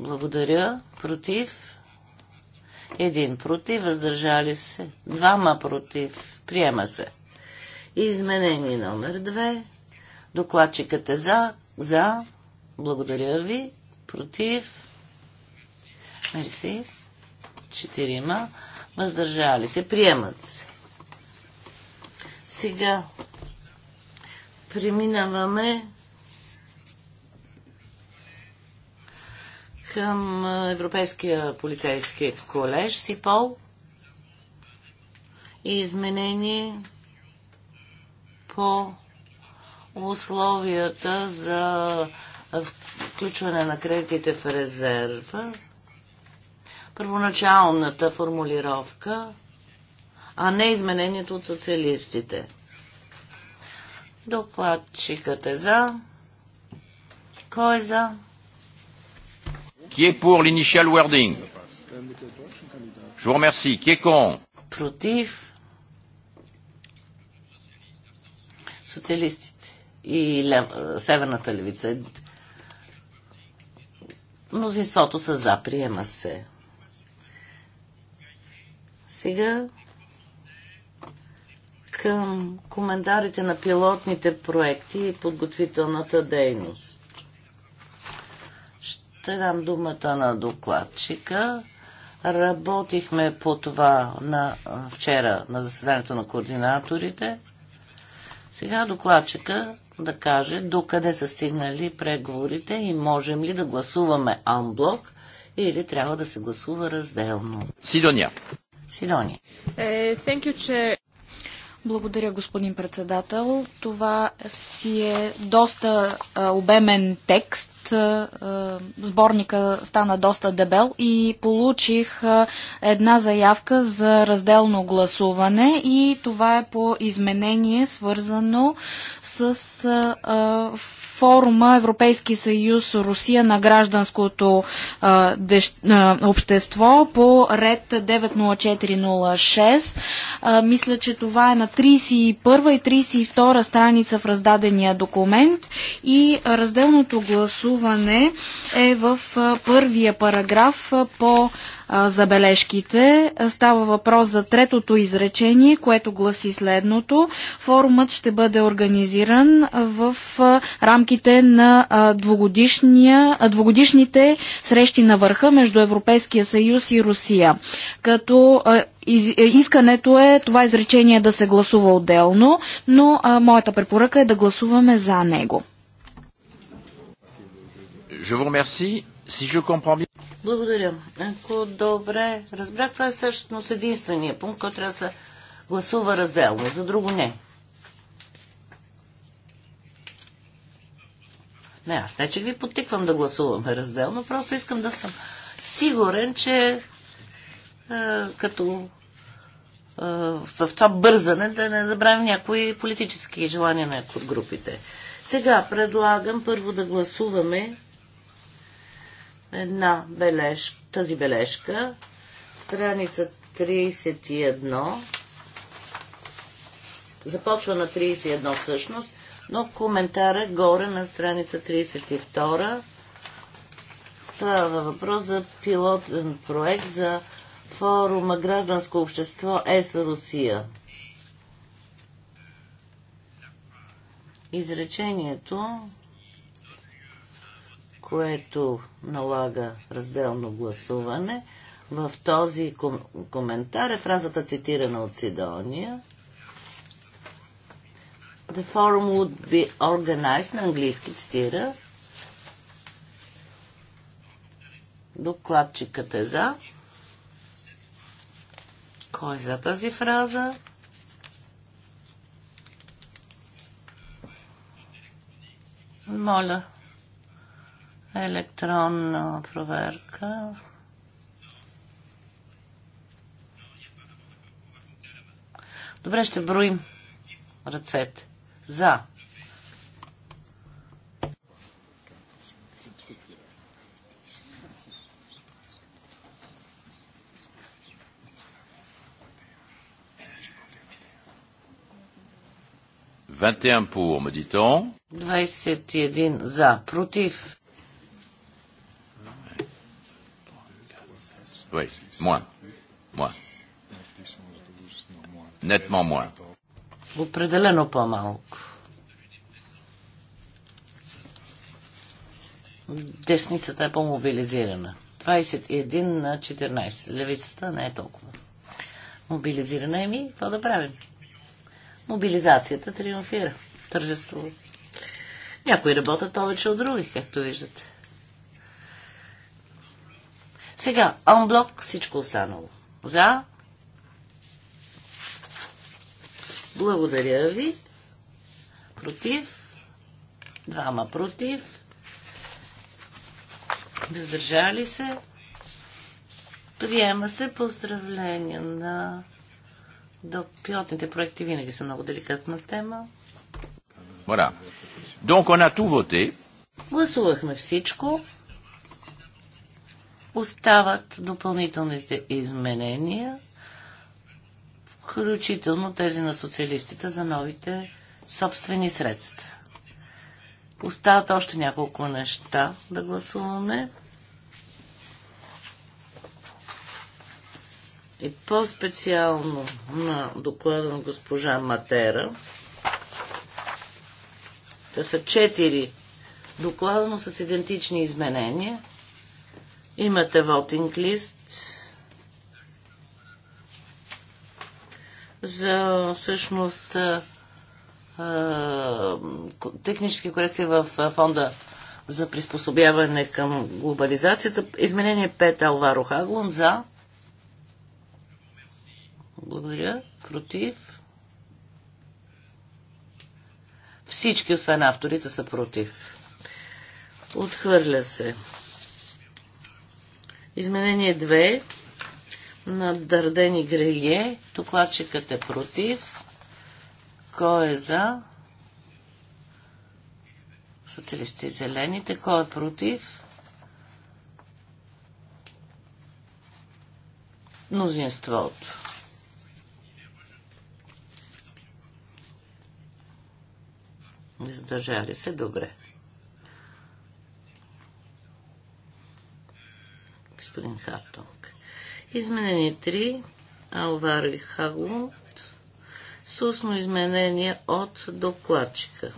Благодаря. Против? Един против. Въздържали се? Двама против. Приема се. Изменение номер две. Докладчикът е за. За. Благодаря ви. Против. Мерси. Четирима. Въздържали се. Приемат се. Сега преминаваме към Европейския полицейски колеж СИПОЛ и изменение по условията за включване на кредитите в резерва. Първоначалната формулировка, а не изменението от социалистите. Докладчикът е за. Кой е за? Qui est pour l'initial wording Je vous remercie. Qui est contre Против. Социалистите и лев... Северната левица. Мнозинството са за. Приема се. Сега към коментарите на пилотните проекти и подготвителната дейност. Ще дам думата на докладчика. Работихме по това на, вчера на заседанието на координаторите. Сега докладчика да каже докъде са стигнали преговорите и можем ли да гласуваме анблок или трябва да се гласува разделно. Сидония. Сидония. Е, thank you, че... Благодаря, господин председател. Това си е доста а, обемен текст е, сборника стана доста дебел и получих е, една заявка за разделно гласуване и това е по изменение свързано с е, форума Европейски съюз Русия на гражданското общество по ред 90406. мисля, че това е на 31 и 32 страница в раздадения документ и разделното гласуване гласуване е в първия параграф по забележките. Става въпрос за третото изречение, което гласи следното. Форумът ще бъде организиран в рамките на двогодишните срещи на върха между Европейския съюз и Русия. Като е, искането е това изречение да се гласува отделно, но моята препоръка е да гласуваме за него. Je vous remercie. Si je comprends bien... Благодаря. Ако добре разбрах, това е всъщност единствения пункт, който трябва да се гласува разделно. За друго не. Не, аз не, че ви потиквам да гласуваме разделно, просто искам да съм сигурен, че е, като е, в това бързане да не забравим някои политически желания на някои от групите. Сега предлагам първо да гласуваме една бележка, тази бележка, страница 31, започва на 31 всъщност, но коментара горе на страница 32. Става въпрос за пилотен проект за форума Гражданско общество ЕС Русия. Изречението което налага разделно гласуване. В този ком- коментар е фразата цитирана от Сидония. The forum would be organized на английски цитира. Докладчикът е за. Кой е за тази фраза? Моля, електронна проверка. Добре, ще броим ръцете. За. Vingt et un pour, me dit-on. 21 за, против Oui, moins. Moins. Nettement moins. Определено по-малко. Десницата е по-мобилизирана. 21 на 14. Левицата не е толкова. Мобилизирана е ми, какво да правим? Мобилизацията триумфира. Тържество. Някои работят повече от други, както виждате. Сега, анблок, всичко останало. За. Благодаря ви. Против. Двама против. Въздържали се. Приема се поздравление на Док, пилотните проекти винаги са много деликатна тема. Voilà. Donc on a tout voté. Гласувахме всичко. Остават допълнителните изменения, включително тези на социалистите за новите собствени средства. Остават още няколко неща да гласуваме. И по-специално на доклада на госпожа Матера. Те са четири доклада, но с идентични изменения. Имате вотинг лист за всъщност технически корекции в фонда за приспособяване към глобализацията. Изменение 5 Алваро Хаглун за. Благодаря. Против. Всички, освен авторите, са против. Отхвърля се. Изменение 2 на Дардени Грелие. Докладчикът е против. Кой е за? Социалистите и зелените. Кой е против? Мнозинството. Издържали се добре. господин Хартунг. Изменение 3. и Хаглунд. С устно изменение от докладчика.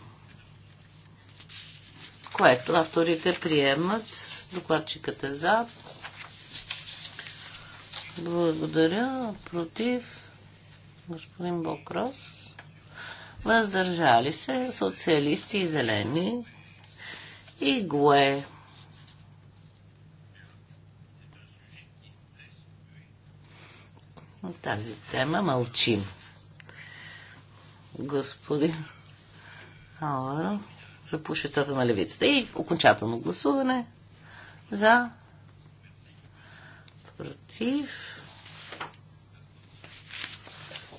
Което авторите приемат. Докладчикът е за. Благодаря. Против. Господин Бокрос. Въздържали се социалисти и зелени. И Гуе на тази тема мълчим. Господин Алваро за пушещата на левицата. И окончателно гласуване за против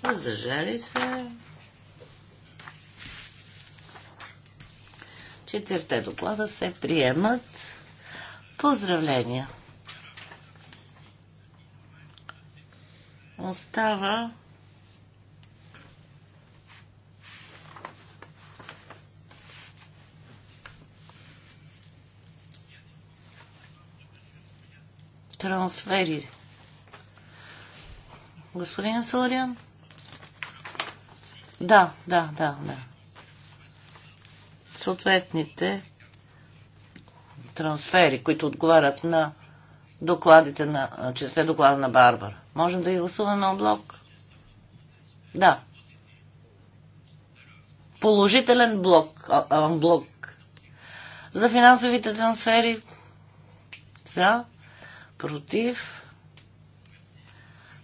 въздържали се четирте доклада се приемат поздравления остава трансфери. Господин Сориан? Да, да, да, да. Съответните трансфери, които отговарят на докладите на, се доклада на Барбара. Можем да ги гласуваме блок? Да. Положителен блок, а, а, блок. За финансовите трансфери за, против,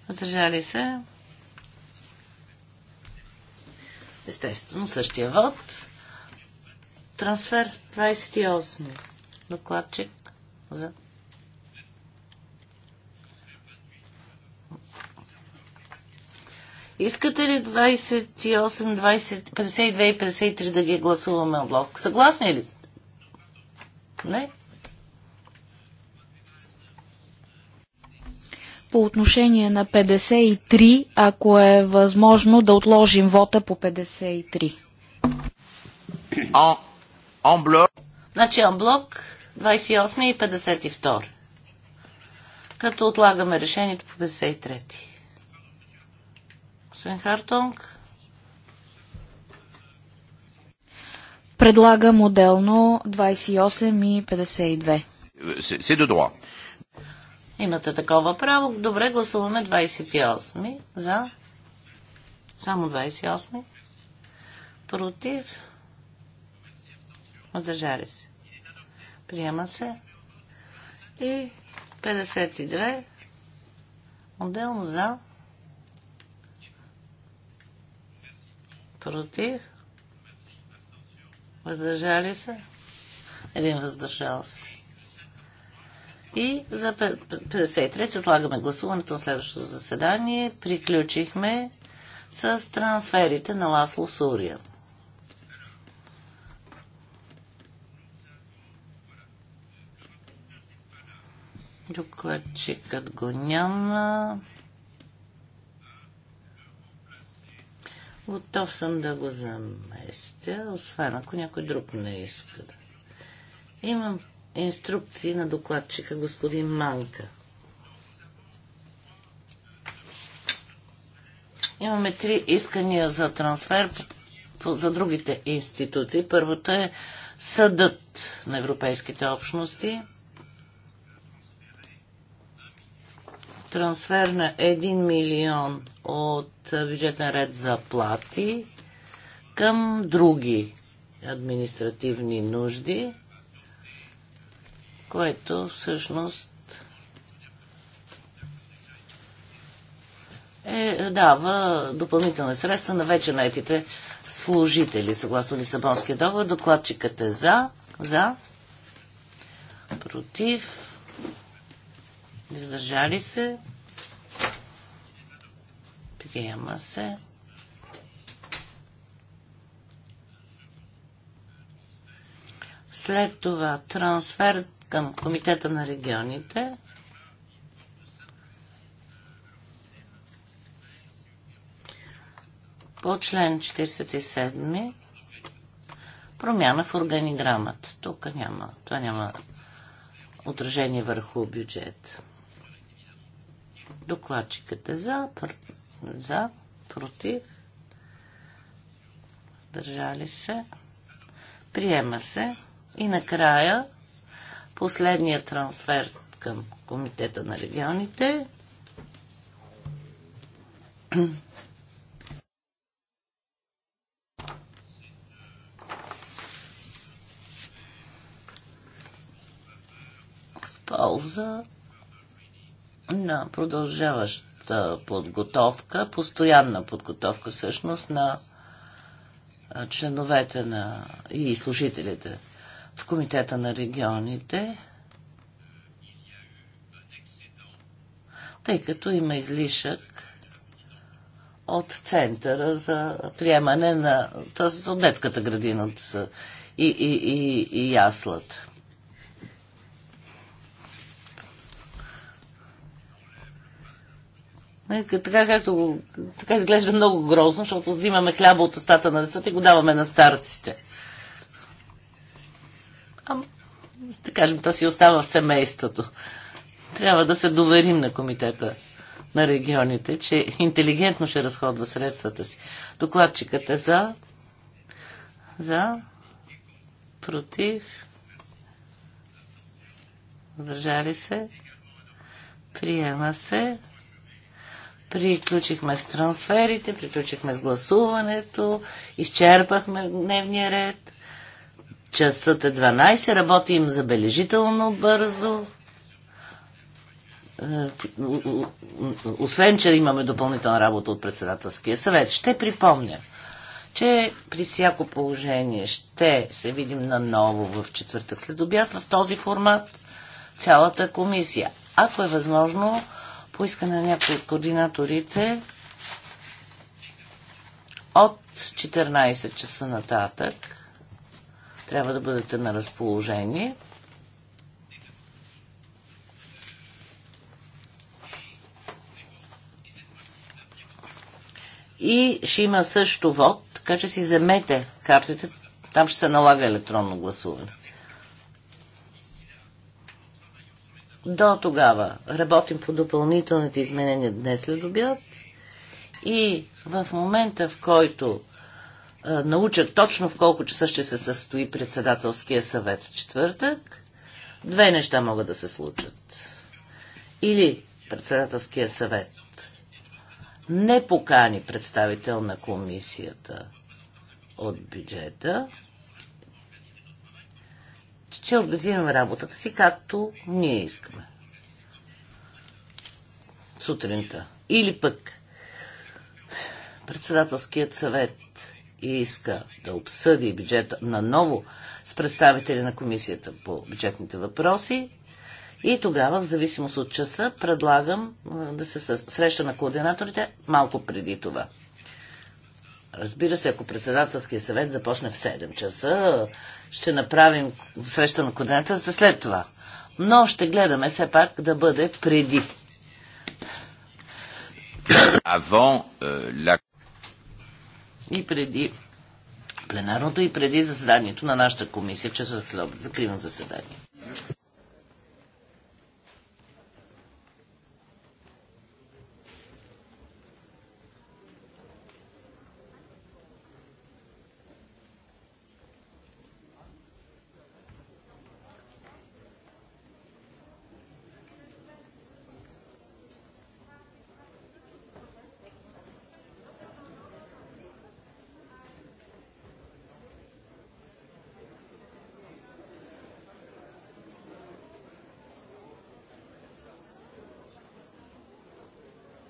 въздържали се. Естествено, същия вод. Трансфер 28. Докладчик за Искате ли 28, 20, 52 и 53 да ги гласуваме от блок? Съгласни ли? Не? По отношение на 53, ако е възможно да отложим вота по 53. Он блок. Значи он блок 28 и 52. Като отлагаме решението по 53. Господин Хартонг. Предлагам отделно 28 и 52. Си до Имате такова право. Добре, гласуваме 28 за. Само 28. Против. Въздържали се. Приема се. И 52. Отделно за. Против? Въздържали се? Един въздържал се. И за 53 ти отлагаме гласуването на следващото заседание. Приключихме с трансферите на Ласло Сурия. Докладчикът го няма. Готов съм да го заместя, освен ако някой друг не иска да. Имам инструкции на докладчика господин Манка. Имаме три искания за трансфер за другите институции. Първото е съдът на европейските общности – трансфер на 1 милион от бюджетен ред за плати към други административни нужди, което всъщност е, дава допълнителни средства на вече наетите служители, съгласно Лисабонския договор. Докладчикът е за, за, против, Въздържали се. Приема се. След това трансфер към Комитета на регионите. По член 47 промяна в органиграмата. Тук няма, това няма отражение върху бюджет. Докладчиката е за, пр... за, против, държали се, приема се и накрая последния трансфер към Комитета на регионите. полза на продължаваща подготовка, постоянна подготовка всъщност на членовете на и служителите в Комитета на регионите, тъй като има излишък от центъра за приемане на т.е. от детската градина от, и, и, и, и яслата. Е, така, както, така изглежда много грозно, защото взимаме хляба от устата на децата и го даваме на старците. А, да кажем, то си остава в семейството. Трябва да се доверим на комитета на регионите, че интелигентно ще разходва средствата си. Докладчикът е за, за, против, Здържали се, приема се. Приключихме с трансферите, приключихме с гласуването, изчерпахме дневния ред. Часът е 12, работим забележително бързо. Е, освен, че имаме допълнителна работа от председателския съвет, ще припомня, че при всяко положение ще се видим наново в четвъртък след обяд в този формат цялата комисия. Ако е възможно, поискане на някои от координаторите от 14 часа нататък трябва да бъдете на разположение. И ще има също вод, така че си вземете картите. Там ще се налага електронно гласуване. До тогава работим по допълнителните изменения днес след обяд и в момента, в който а, научат точно в колко часа ще се състои председателския съвет в четвъртък, две неща могат да се случат. Или председателския съвет не покани представител на комисията от бюджета, че организираме работата си както ние искаме. Сутринта. Или пък председателският съвет иска да обсъди бюджета наново с представители на комисията по бюджетните въпроси и тогава, в зависимост от часа, предлагам да се среща на координаторите малко преди това. Разбира се, ако председателския съвет започне в 7 часа, ще направим среща на за след това. Но ще гледаме все пак да бъде преди. Avant, la... Е, и преди пленарното, и преди заседанието на нашата комисия, че след Закривам заседание.